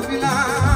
Al-Bilal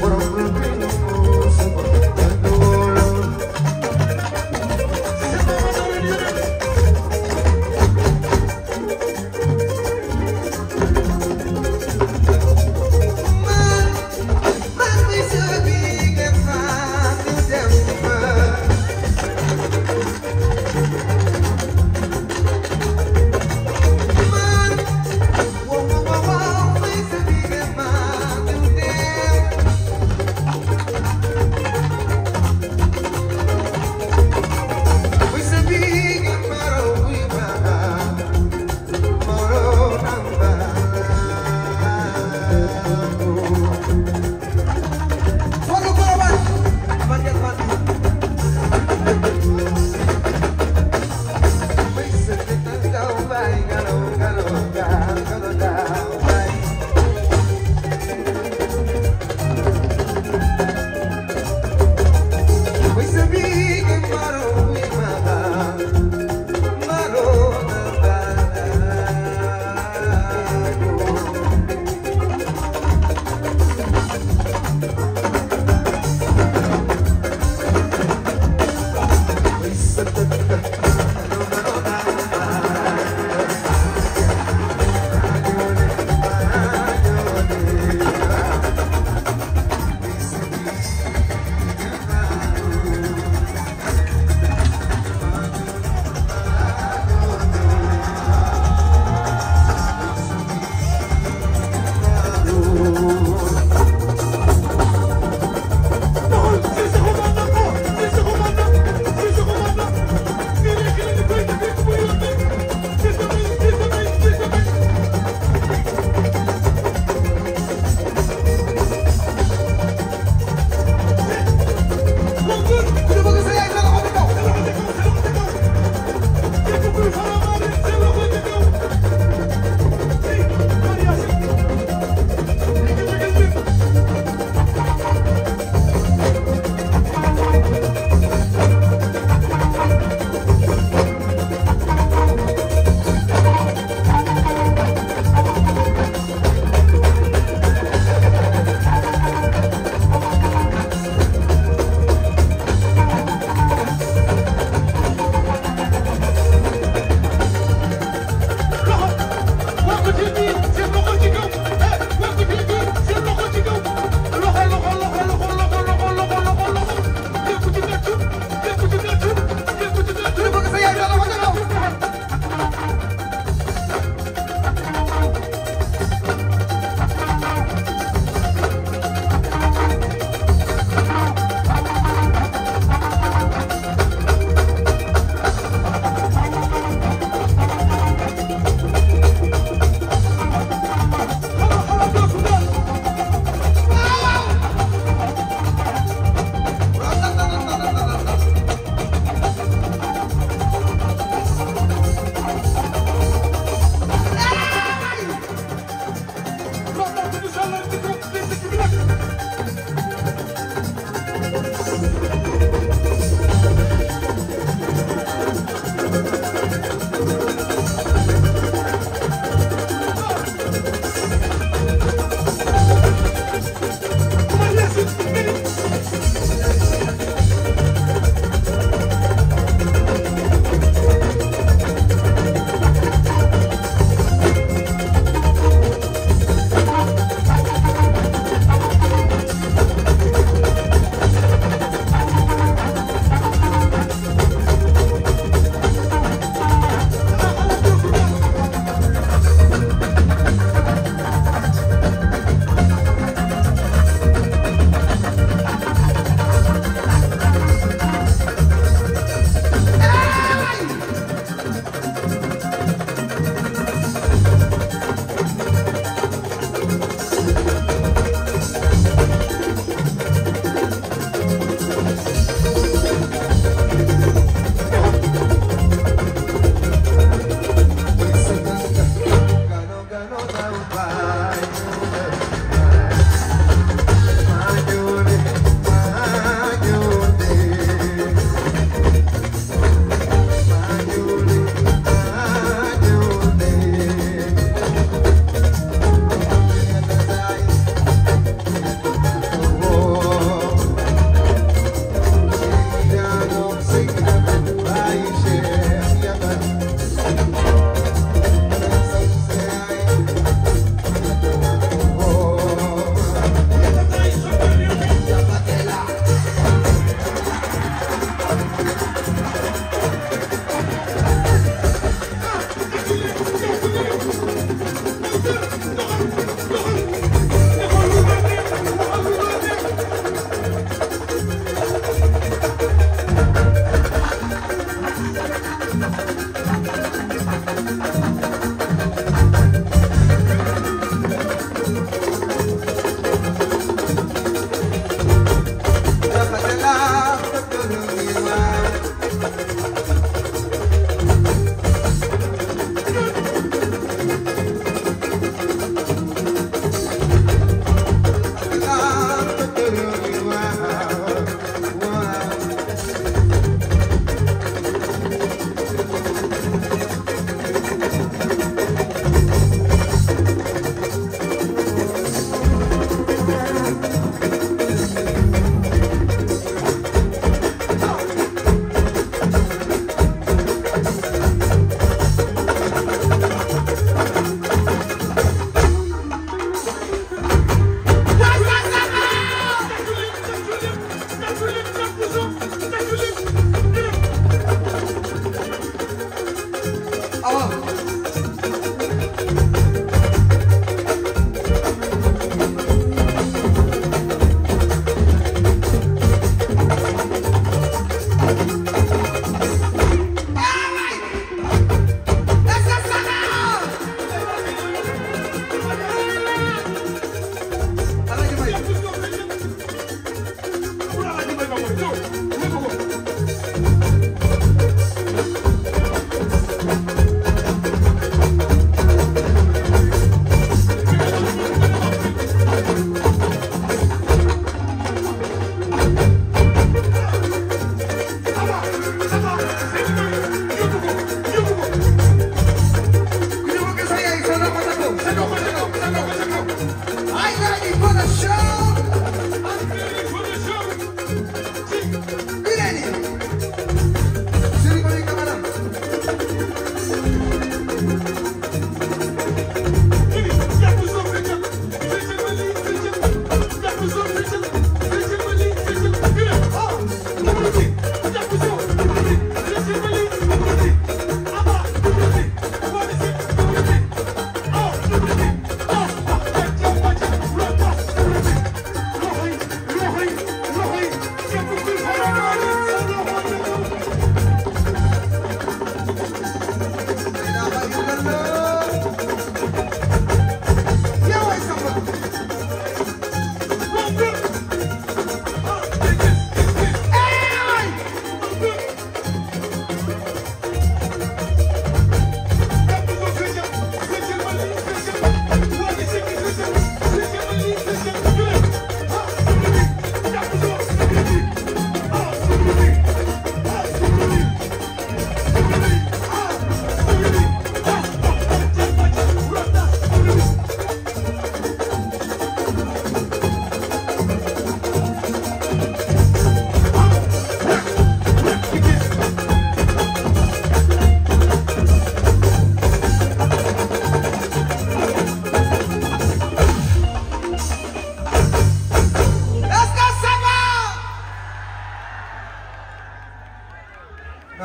borom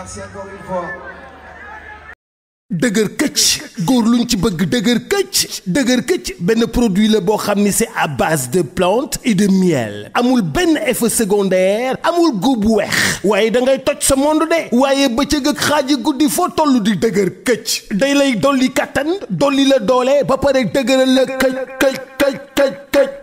merci encore dëgër këcc góor luñ ci bëgg dëgër këcc dëgër këcc benn produit la boo xam ni c'est à de plantes et de miel amul benn effet secondaire amul góob bu weex waaye dangay toj sa monde de waaye bëccëg ak xaaji guddi foo toll di dëgër këcc day lay dolli kàttan dolli la doole ba pare dëgëral la këcc këcc këcc